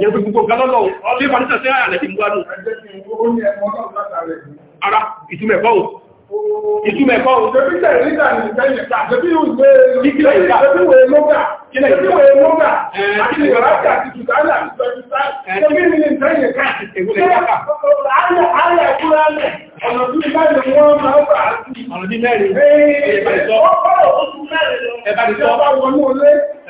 yẹn gbogbo galọ́lọ́ ọdún ìbànújẹ́ sí àyà lẹ́ti mú wánú ara ìtumẹ̀ kọ́ ìtumẹ̀ kọ́ Ọ̀nà tí mẹ́rin wọ́n máa ń bà á sí. Ọ̀nà tí mẹ́rin, ẹ̀bà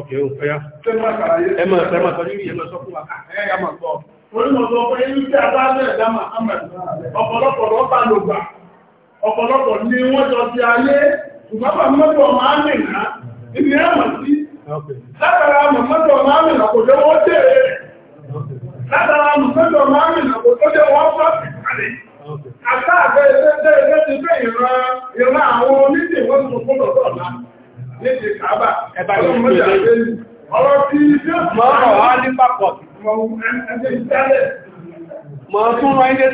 ọkẹ̀ òfẹ́yá ya ní a wọ́n jọ ayé mọ́tò ọmọ ẹ̀mọ̀ sí látara mọ́tò ọmọ kò jẹ́ wọ́n látara mọ́tò ọmọ kò tó jẹ́ wọ́n kalẹ̀ níbi kàábà ẹ̀bà yóò mú ìjà lẹ́yìn ọ̀rọ̀ tí ṣe mọ́ ọ̀rọ̀ wá ní pàpọ̀ mọ̀ tún rọ ilé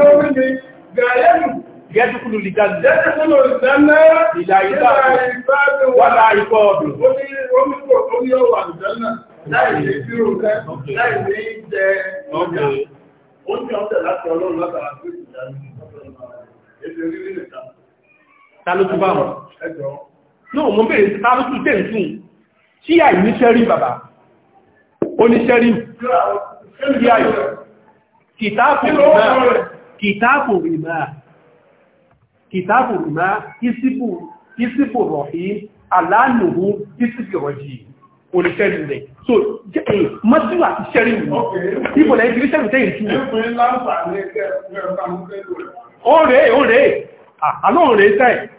sí ìpẹ́kẹ́ Gẹ́tùkúlù lìjáde. Gẹ́tùkúlù ìdáná ìlà ìbáàbí wà láàrín kọ́ ọ̀dùn. Ó ní omi kò tó ní ọwà ìdáná láì lè bí òun rẹ̀ láì lè jẹ ọjà. Ó ní ọjọ́ tálótú bá wọn náà mọ́ bèèrè tálótú tẹ́ǹtún tí àì ní sẹ́rí bàbá oníṣẹ́rí tí àì kìtàbù rìmá kìtàbù rìmá kìsìbù rọ̀hí aláàlùhú kìsìbù rọ̀jì oníṣẹ́rí rẹ̀ so mọ́sílù àti sẹ́rí ìbọ̀lẹ̀ ìgbésẹ̀rù tẹ́yìn tún ọ̀rẹ́ ọ̀rẹ́ àlọ́ ọ̀rẹ́ tẹ́yìn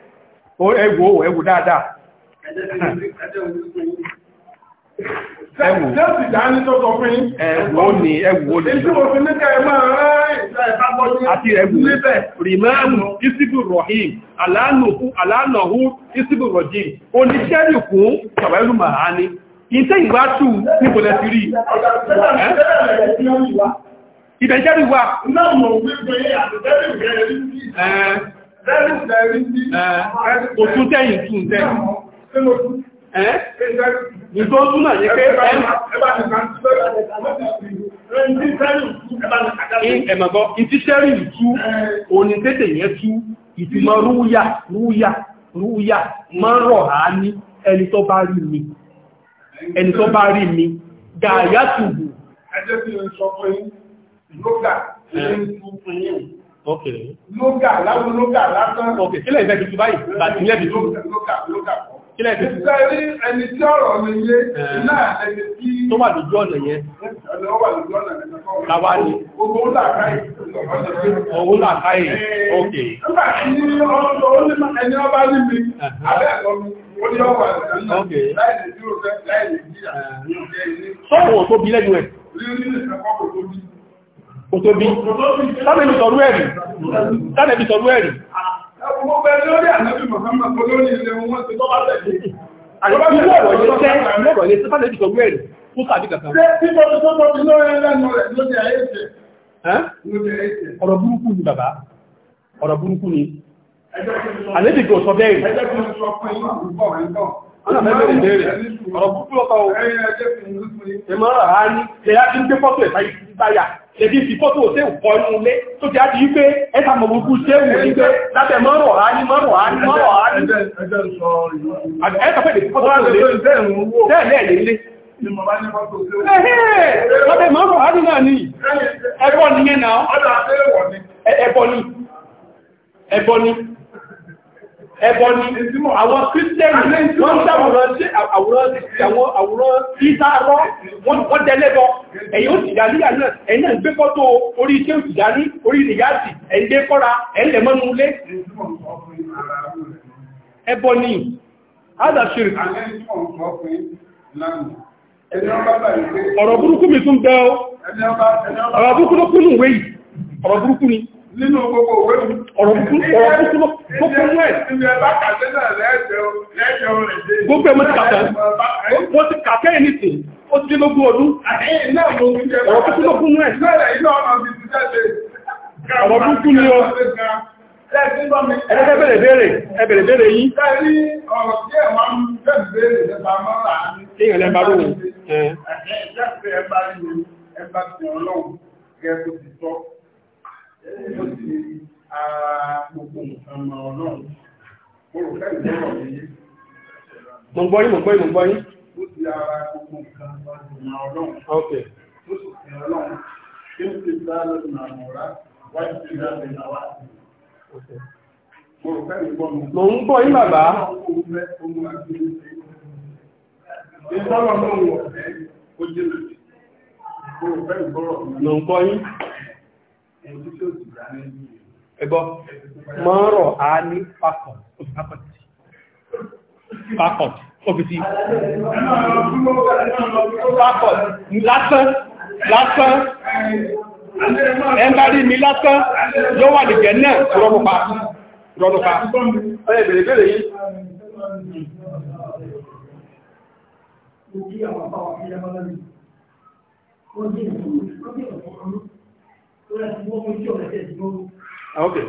ẹwò ẹwò dáadáa Jẹ́sì dání tó sọ fún ẹ̀wò ní ẹwò ní ìṣòro fi ní kẹ́ẹ̀mọ́ àti ẹwò níbẹ̀ rìmáàmù ìsìbù rọ̀hìm aláàlọ́hù ìsìbù rọ̀jì oníṣẹ́rì fún ṣàwẹ́lú màáni ìtẹ́ ìgbà tù níbòlẹ̀ ti rí ibẹ̀ Kò tún tẹ́yìn tún tẹ́. Ní tó tún náà ní pé ẹmọ̀gọ́, ìtí sẹ́rìn ìtú, òní tẹ́tẹ̀ yẹn tú, ìtumọ̀ rúúyà, rúúyà, rúúyà, máa rọ̀ á ní ẹni tó bá rí mi. Ẹni tó bá rí mi, gàáyà tùbù. Ẹjẹ́ Okay. Lógà láwọn lógà látán. Okay, kílẹ̀ ìfẹ́ tuntun báyìí, bàtí ilẹ̀ tuntun. Lógà lógà pọ̀. Kílẹ̀ ìfẹ́ tuntun. Ìfẹ́ rí ẹni tí ọ̀rọ̀ mi yé eh. náà ẹni tí. Tó wà lójú ọ̀nà yẹn. Ọ̀nà wà lójú ọ̀nà yẹn. Làwa ni. Owó làkáyè. Owó eh. làkáyè. Okay. Nígbà tí ọ̀rọ̀ ẹni ọba ní mi, eh. abẹ́ ẹ̀kọ́ mi. Sọ́wọ́ tó bí òtòbí sábẹ̀bí sọ̀rú ẹ̀rì sábẹ̀bí sọ̀rú ẹ̀rì ọ̀rọ̀ burúkú ni bàbá ọ̀rọ̀ burúkú ni àlébì kò sọ bẹ́ẹ̀rẹ̀ ọ̀nà mẹ́bẹ̀rẹ̀ bẹ́ẹ̀rẹ̀ ọ̀rọ̀ burúkú lọ́kọ̀ ẹ̀mọ́ràn á ní ẹ̀yà tí ń gbé fọ́tò ẹ̀sáyà èdè ìfìkọ́ tó ṣe ọ̀pọ̀ inú ilé tó ti ájí wípé ẹta mọ̀ gbogbo ṣe wù ní pé láti mọ́rọ̀ àní mọ́rọ̀ àní mọ́rọ̀ àní ẹta pẹ̀lẹ̀ ìfìkọ́ tó ṣe tẹ́ẹ̀lẹ̀ ilé ẹ̀hẹ́ mọ́rọ̀ àní náà ní ẹbọ ni ẹbọ ni ẹbọ ni àwọn kírísítẹ́nì wọ́n ń sàwòrán sí àwòrán àwọn àwòrán ìsáàrọ́ wọ́n tẹ́lẹ́bọ ẹ̀yìn òtìdárí àná ẹ̀yìn náà gbé fọ́tò orí iṣẹ́ òtìdárí orí ìrìyàtì ẹ̀ndẹ́ kọ́ra ẹ̀lẹ̀mọ́nulé ẹbọ ni adàṣírí ọ̀rọ̀ burúkú mi tún bẹ́ ọ ọ̀rọ̀ burúkú ló kúnnù wéyìí ọ̀rọ̀ burúkú ni nínú gbogbo òwe ọ̀rọ̀ gbogbo ẹ̀ gbogbo ẹ̀ mo ti kàtẹ́ mo ti kàtẹ́ ẹ̀ nìtì ó ti lógún ọdún ọ̀rọ̀ kúkú ló kún ẹ̀ ọ̀rọ̀ kúkú ni ọ ẹ̀rẹ́gbẹ̀rẹ̀ bẹ̀rẹ̀ ẹ̀bẹ̀rẹ̀ bẹ̀rẹ̀ yìí ìrìnlẹ̀ bá lóhun ẹ̀ẹ́ ó ti ara gbogbo mo gbọ́ yín mo gbọ́ yín mo gbọ́ yín. ó ti ara gbogbo nǹkan mọ ọlọ́run. ok. ó sì fi ọlọ́run kí ó ti bá lọ́dún àmọ̀ra wáyé ti dá mi náà wá. mo rò fẹ́ẹ̀ gbọ́ mi. mo ń gbọ́ yín bàbá. mo rò fẹ́ẹ̀ gbọ́rọ̀ mi. mo ń gbọ́ yín ẹgbọ́ mọ́rọ̀ a ní pakọ̀t ọ̀fìsí pakọ̀t lásán lásán ẹ̀mbárí mi lásán ló wà lè jẹ́ náà rọ́nùpa rọ́nùpa ọ̀yẹ̀ bèèrè Okay.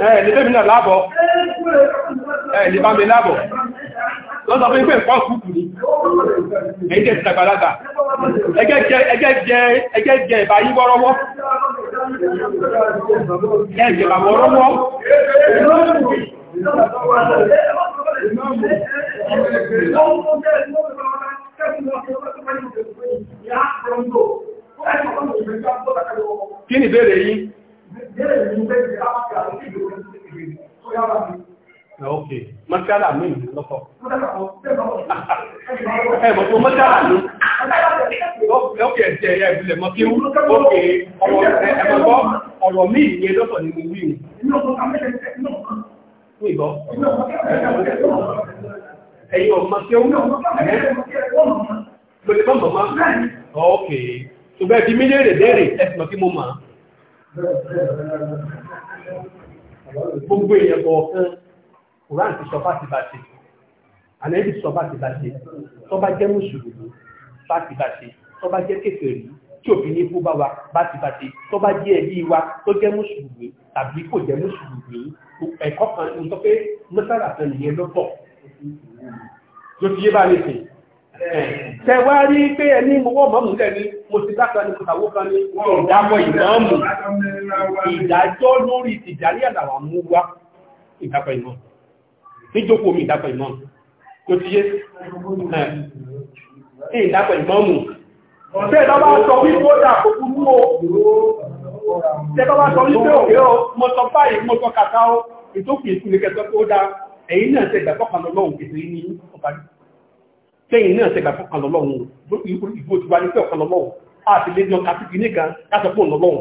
Ẹ lè bẹ́ mi náà lábọ̀. Ẹ lè bá mi lábọ̀ lọ́sọ̀ fún ipé nǹkan kúkù ní ẹ̀yíkẹ́ ti tàgbàlagbà ẹgẹ́ jẹ ìbá yí wọ́rọ́wọ́ ẹgẹ́ ìbá wọ́rọ́wọ́ Kí ni ìbéèrè yìí? Ìbéèrè yìí ń bẹ́ẹ̀ Ah, ok mọ́ṣálà mi ìlú lọ́kọ̀. ẹ mọ̀ tó mọ́ṣálà ní ókè ẹ̀jẹ̀ ẹ̀yà ìbílẹ̀ mọ́ kí ókè ẹ̀mọ̀gbọ́ ọ̀rọ̀ mi ìyẹn lọ́sọ̀ ni mo wí Ẹ̀yìn ọmọ tí ó ń lọ mọ́ ok ṣùgbọ́n ẹbí mílíọ̀nù dẹ́rẹ̀ ẹ̀sìn ọ̀kí mo máa gbogbo èèyàn kọ̀ọ̀kan Quran ti sọ bá ti bá ṣe àlẹ́bí sọ bá ti bá ṣe tó bá jẹ́ mùsùlùmí bá ti bá ṣe tó bá jẹ́ kèfèrí tí òfin ní fún bá wa bá ti bá ṣe tó bá jẹ́ ẹbí wa tó jẹ́ mùsùlùmí tàbí kò jẹ́ mùsùlùmí ẹ̀kọ́ kan ní sọ pé mọ́sálà kan nìyẹn lọ́tọ̀ ló ti yé bá lè sìn tẹ wá rí pé ẹni mọ́wọ́ mọ́mù lẹ̀ ni mo ti dákan ni mo kan ni ìdáwọ́ ìmọ̀ọ́mù ìdájọ́ lórí ìtìjà àdàwà mú wá ìdákan ìmọ̀ọ́mù níjókòó mi ìdápọ̀ ìmọ̀ tó ti yé ẹ̀ ìdápọ̀ ìmọ̀ mù tẹ́ẹ̀dọ́ bá sọ wípé ó dà kó kúrú o tẹ́ẹ̀dọ́ bá sọ wípé òkè o mo sọ báyìí mo sọ kàkà o ìtókù ìkúnlẹ̀ kẹsọ́ pé ó dá ẹ̀yìn náà tẹ́gbà fọ́kàn lọ́wọ́ ètò ní ọ̀parí tẹ́yìn náà tẹ́gbà fọ́kàn lọ́wọ́ ìgbò ti wá ní pé ọ̀kan lọ́wọ́ àti lè jọ kàtìkì nìkan kásọ̀ fún lọ́wọ́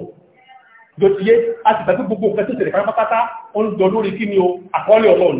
jọ ti yé àti gbàgbé gbogbo nǹkan tó tẹ̀lé pátápátá ó ń jọ lórí kí ni o àkọọ́lẹ̀ ọlọ́run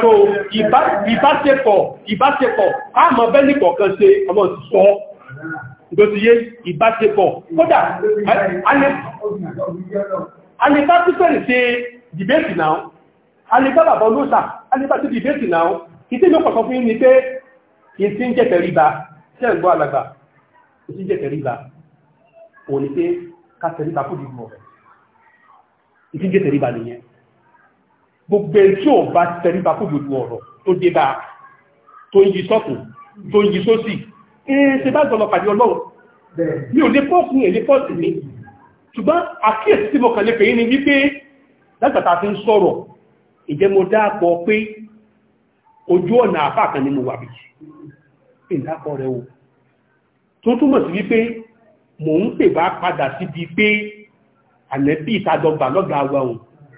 so ìbáṣepọ̀ ìbáṣepọ̀ àmọ́ bẹ́ẹ̀lì kọ̀ọ̀kan ṣe ọmọ ti sọ ìgbòsíyé ìbáṣepọ̀ kódà alìbá pípẹ̀lì ṣe dìbẹ́tì náà alìbá bàbá olóòsà alìbá ti dìbẹ́tì náà ìtí ìjọ pọ̀tọ̀ fún ní pé ìtí ń jẹ́tẹ̀ ríba ṣẹ́gbọ́ alàgbà ìtí ń jẹ́tẹ̀ ríba òní pé kátẹ̀ ríba fún ìgbìmọ̀ ìtí ń jẹ́tẹ̀ ríba nìyẹn gbogbo ẹ̀ tí ò bá tẹríba fún gbogbo ọ̀rọ̀ tó dé bá tó ń yí sọ́tún tó ń yí sósì ee eh, ṣe bá gbọ́nà pàdé ọlọ́run mi ò lè pọ́ọ̀kù èlé pọ́ọ̀sì mi ṣùgbọ́n àkíyèsí tí mo kàn lè pèyí ni wípé látàtà fi ń sọ̀rọ̀ ìjẹ́ mo dáàpọ̀ pé ojú ọ̀nà àfà kan ni mo wà bí i o tó túmọ̀ sí wípé mò ń pè bá padà síbi pé àlẹ́bí ìtajọba lọ́gàá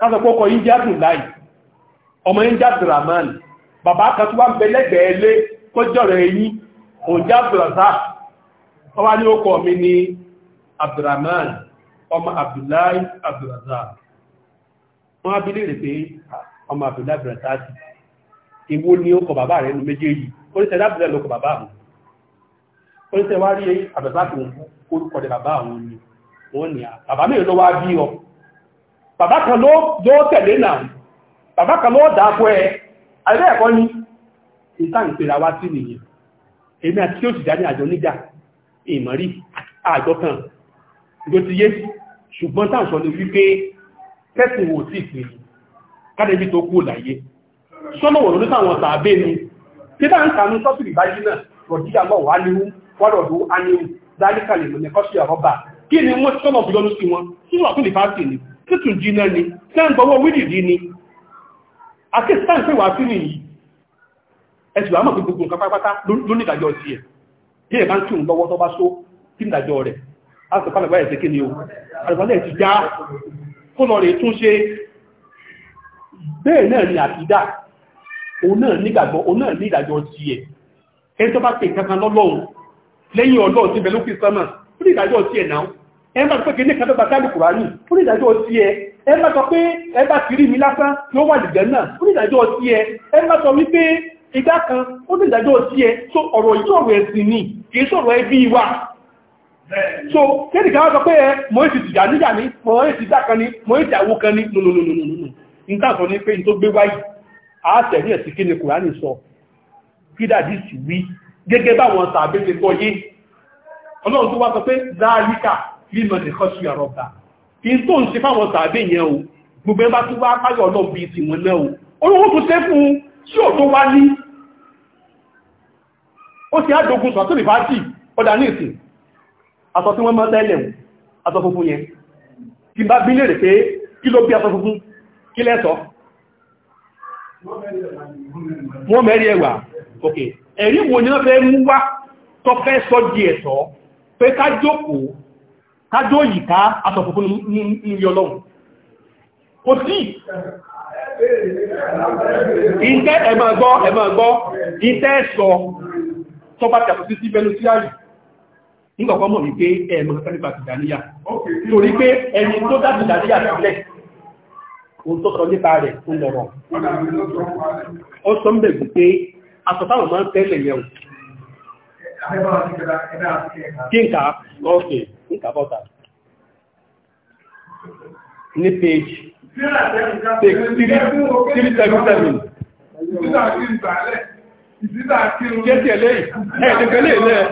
kásọ̀pọ̀kọ̀ yí jẹ́ Abdullahi ọmọ yí jẹ́ bàbá kàtí wá kọjọ́rọ̀ èyí kò jẹ́ ọwá ní ókọ̀ mi ni Abdurrahman ọmọ Abdullahi Abdurrazak wọ́n abílé rẹ̀ pé ọmọ Abdullahi Abdurrazak ìwó ni ókọ̀ bàbá rẹ̀ nù méjèèjì oríṣẹ́ Abdullahi lókọ̀ bàbá àwọn oríṣẹ́ wá rí Abdurrazak orúkọ̀ bàbá àwọn ni wọ́n ni bàbá mẹ́rin lọ́wọ́ bí ọ bàbá kan ló tẹ̀lé náà bàbá kan ló dáàbò ẹ àìbẹ́ ẹ̀kọ́ ní ìtàn ìpèrà wá sí nìyẹn èmi àti tí ó sì dání àjọ níjà ìmọ̀rí àjọ kan ló ti yé ṣùgbọ́n táwọn sọ ní wípé tẹ́sìn wò sí ìpè kádẹ́bí tó kú láyé sọ́nà wọ̀n ló táwọn tàbí ni tí bá ń kàánú sọ́tùrì bá jí náà rọ̀jí àmọ́ wà níhú wọ́rọ̀dú aníhù dáríkàlẹ̀ mọ̀ nẹ́kọ́sí ọ̀rọ̀bà kí ni wọ́n sọ́nà bí lọ́nú sí wọn sínú àtúnlẹ̀ fásitì ni títù jiná ni sẹ́ǹgbọ́wọ́ wídìdí ni àti sẹ́ǹfẹ́ wà sí nìyí ẹ̀sùn àmọ́ pé gbogbo nǹkan pátápátá lónìdàjọ́ sí ẹ̀ bí ẹ̀ bá ń tún lọ́wọ́ tó bá só kí nìdàjọ́ rẹ̀ láti pàlẹ̀gbà ẹ̀ tẹ́kẹ́ ni o àlùbọ́lẹ̀ ti já kó lọ rẹ̀ tún ṣe ni àtidá òun náà nígbàgbọ́ òun náà ní ìdàjọ́ sí ẹ̀ ẹ̀ tó bá pè kankan lọ́lọ́run lẹ́yìn ọlọ́run ti bẹ̀ lókè sánmà ó ní ìdàjọ́ ẹ máa pé kìíní kan tó bá sáàlì kùránì fún ìdájọ́ ti ẹ ẹ sọ pé ẹ bá kiri mi lásán ló wà lìjẹ́ náà fún ìdájọ́ ti ẹ ẹ máa sọ wípé ìgbà kan ó ní ìdájọ́ ti ẹ so ọ̀rọ̀ yìí ọ̀rọ̀ ẹ̀sìn ni kìí sọ̀rọ̀ ẹbí wa so kéde kan sọ pé ẹ mọ̀ èsì ìjà níjà ni mọ̀ èsì ìjà kan ni mọ̀ èsì àwo kan ni nùnùnùnùnùnù nígbà sọ ní pé ni kùránì sọ kí dàdí sì wí gẹ́gẹ́ báwọn tàbí ti gbọ́ yé lílọ ní kọ́sù àrọ́bà. in tó ń ṣe fáwọn tàbí yẹn o gbogbo ẹbá tó wá páyọ̀ ọlọ́ bí ti wọn náà o olówó tó ṣe fún sí ò tó wá ní ó ti ádogun sọ tó lè fàájì ọdá ní ìsìn aṣọ tí wọ́n mọ́ tẹ́lẹ̀ aṣọ funfun yẹn ti bá bí lèrè pé kí ló bí aṣọ funfun kí lẹ́sọ wọ́n ok ẹ̀rí wo ni wọ́n fẹ́ mú wá tọ́fẹ́ sọ́ di ká jókòó kájó yìí ká asọ̀fòkún ní yọ lọ́wọ́ kò sí ìtẹ́ ẹ̀mọ̀ ẹ̀gbọ́ ẹ̀mọ̀ ẹ̀gbọ́ ìtẹ́ ẹ̀sọ́ tó bá tẹ̀kù sí sí bẹnu sí ààrì nígbàkọ́ mọ̀ wípé ẹ̀mọ̀ ẹ̀fẹ́lẹ́gbà tìdàníyà pé ẹni tó dá tìdàníyà o tó sọ nípa rẹ̀ tó lọ́rọ̀ ó sọ ń bẹ̀ wípé asọ̀táwọn máa ń tẹ́lẹ̀ yẹn kí n kà ọ́kẹ́ dịka bọta ndị peji 377 kéèkì ẹ̀lẹ́ ẹ̀ẹ́dẹ̀kẹ́lẹ́ ilẹ̀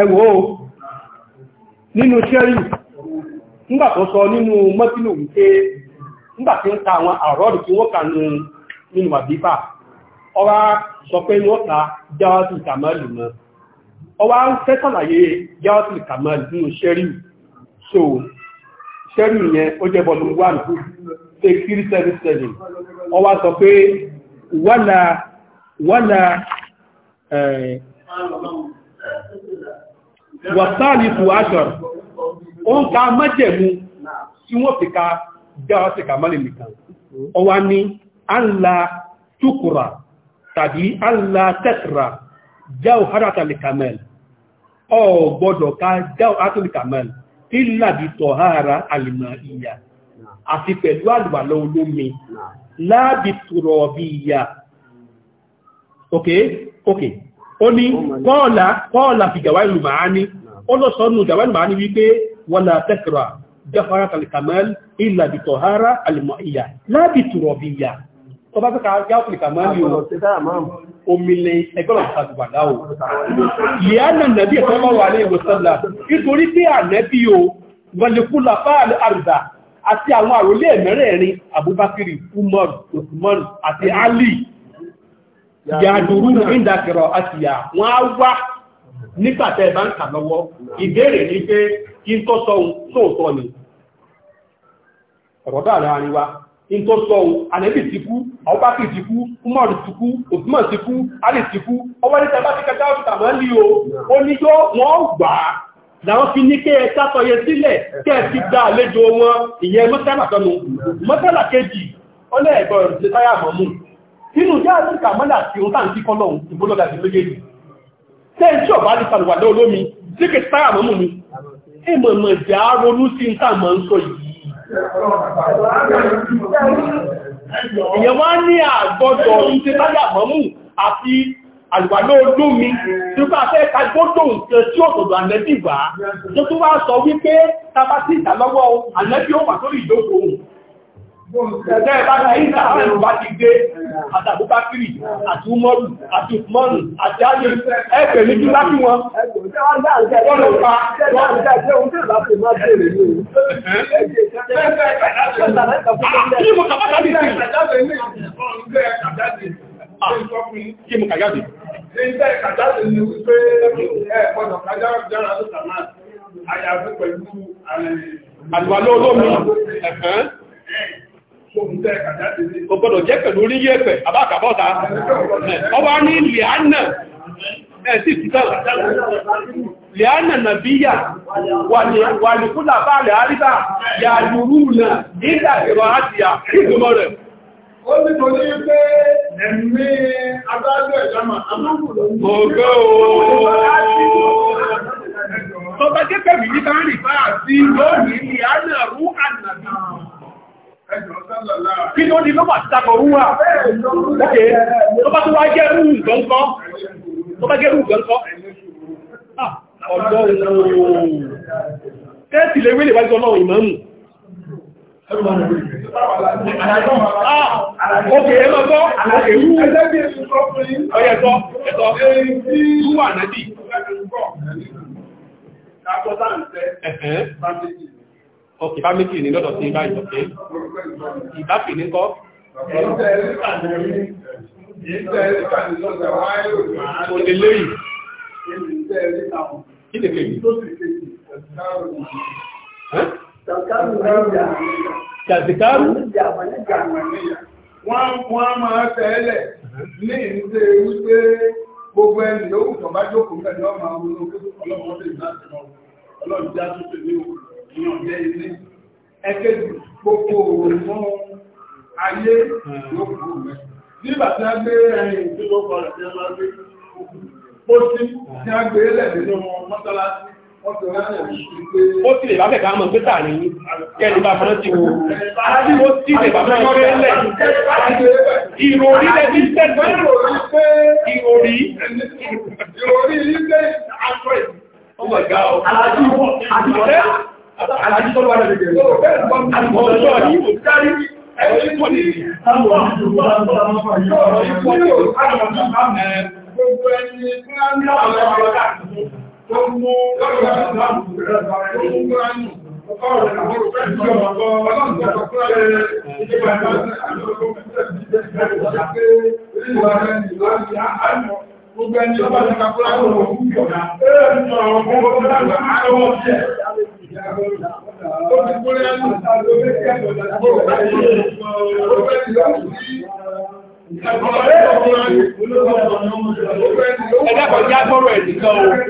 ẹ̀wọ́ nínú ṣẹ́rí nígbàtọ̀ sọ nínú mọ́tínú wípé nígbà tí ń ka àwọn àrọ́dù tí wọ́n kà nínú àbíbà ọwá sọ pé wọ́n ta jáwátì mọ́ ọwá ń fẹ́ sàlàyé jáwátì kàmẹ́lì nínú so sẹ́rí yẹn ó jẹ́ ọwá sọ pé wọ́nà eh, ó ń dáwà sí kàmálì nìkan ó wá ní àlà túkùrà tàbí àlà tẹ́tìrà jáò hárátà lè kàmẹ́l ọ gbọ́dọ̀ ká jáò hátà lè kàmẹ́l tí làbí tọ̀ hàrá àlìmọ̀ ìyà àti pẹ̀lú àlùwàlọ́ olómi láàbí tùrọ̀ bí ìyà ok ok ó ní kọ́ọ̀lá fi gàwá ìlú màá ní ó lọ́sọ́nù jafarat alikamal illa bi tohara alimoiya lábi turobiya tó bá tó ká jáfù alikamal yóò omílẹ̀ ẹgbọ́n àgbàdá o yíánà nàbí ẹ̀tọ́lọ́wà ní ìwòsànlá nítorí pé ànẹ́bí o wọlékúlà fáàlì àrùdà bá ń kà lọ́wọ́ ìbéèrè ní pé kí ń tọ́ sọ ohun tóòtọ́ ni ọ̀rọ̀ bá láàrin wa in tó sọ ànẹ́bì ti kú ọ̀bákì ti kú umaru ti kú òtúmọ̀ ti kú alì ti kú ọwọ́ ní tẹ́bá ti kẹta ọ̀tà mọ́ ní o ó ní yọ́ wọ́n gbà á láwọn fi ní kẹ́ ẹ̀ta sọyẹ sílẹ̀ kẹ́ ẹ̀ fi dá àlejò wọn ìyẹn mọ́sálà tọ́nu mọ́sálà kejì ọlẹ́ ẹ̀gbọ́n ìrìnlẹ̀ táyà mọ̀mú nínú jẹ́ àríkà mọ́lá tí ó tàn sí kọ́lọ̀ ìbólọ́gà sí méjèèjì tẹ́ẹ̀tí ọ̀bá ní sàlùwàdá olómi síkẹ̀ táyà mọ̀mú ni ẹmọ̀mọ̀ jẹ́ àrónú sí ń tàà mọ̀ ń sọ yìí Èyàn wá ní àgbọ́dọ̀ ìṣẹ́ láyà mọ́mú àti àlùwàlá olómi tí ó bá fẹ́ ká gbọ́dọ̀ tí ó tọ̀dọ̀ ànẹ́bì wá. Tó tún wá sọ wípé tàbátí ìdálọ́wọ́ ànẹ́bì ó pàtórí ìdókòó Ẹ̀jẹ́ ìbáta ìta àwọn ìrùbá ti gbé àtàbúkákìrì àti Umaru àti Usmanu àti Ayé ẹgbẹ̀ ní kíkà kí wọn. Wọ́n ló pa Kí mo kàbátà ní sí? Ah, kí mo kàjáde? Ilé kàjáde ni wípé ẹ̀kọ́dọ̀ kàjára ló sàmà àyàfẹ́ pẹ̀lú àlùwà lóòlómi ẹ̀fẹ́ kò gbọdọ̀ jẹ́ pẹ̀lú orí yẹ́pẹ̀ àbákàbọ́ta ọba ní lìánà ẹ̀sì títàlá lìánà nàbíyà wà ní kúlà bá lè àríbà yà lùrù náà nígbà ìrọ̀ àti ìgbìmọ̀ rẹ̀ ó ní tó ní pé ẹ̀mí adájọ́ ìjọmà amúkùnlọ́ Tọ́bajẹ́ pẹ̀lú yí bá rìn bá àti lónìí ni a náà rú ànàbí. Kí ni ó di lọ́pàá tàbí orúwà? Ókè, tó bá tó wá jẹ́ rú ìgbọ́nkọ́, tó bá jẹ́ rú ìgbọ́nkọ́. Ah, ọ̀dọ́ ooo. Tẹ́ẹ̀tì lè wílè wájú ọlọ́run ìmọ̀mù. Ókè, ah, ẹ máa gbọ́, ókè rú. Ọyẹ ẹ̀tọ́, ẹ̀tọ́, rú wà náà dì. Ẹ̀hẹ́ ọkì bá méjì ní lọ́dọ̀ sí ibá ìjọ̀kẹ́ ìbá pè ní kọ́ òdèléyìí kí lè kèjì jàzìkárù wọ́n máa tẹ́lẹ̀ ní ìdíje wípé gbogbo ẹni yóò tọ́bá jókòó mẹ́rin ọmọ àwọn olóògbé ọlọ́pọ̀ ìyàn jẹ́ ilé ẹkẹ́jì gbogbo òòrùn ayé ló kù rẹ̀ nígbà tí a gbé ẹ̀yìn tí ó kọ̀ rẹ̀ tí a máa gbé ó sí tí a gbé lẹ̀ nínú mọ́sálásí ó sì lè bá fẹ̀ká mọ̀ pé tààrí yí kẹ́lì bá fọ́nà ti wo ó sì lè bá fọ́nà pé lẹ̀ ìròrí lẹ́bí tẹ́gbẹ́ ìròrí ìròrí ilé aṣọ ìgbà ọ̀gá ọ̀ Gbogbo ẹni ọba ti kakúrá lọ́wọ́ fún ìjọba, ẹ̀rọ ìjọba ọgbọ́n ọgbọ́n lágbà, àárọ̀ ọ̀sẹ̀. Ó ti kúrẹ́ ẹnu, ó bá ti lọ sí ẹ̀kọ́ rẹ̀ ọkùnrin, ó bá ti lọ sí ẹ̀kọ́ rẹ̀ ìdíkan òun.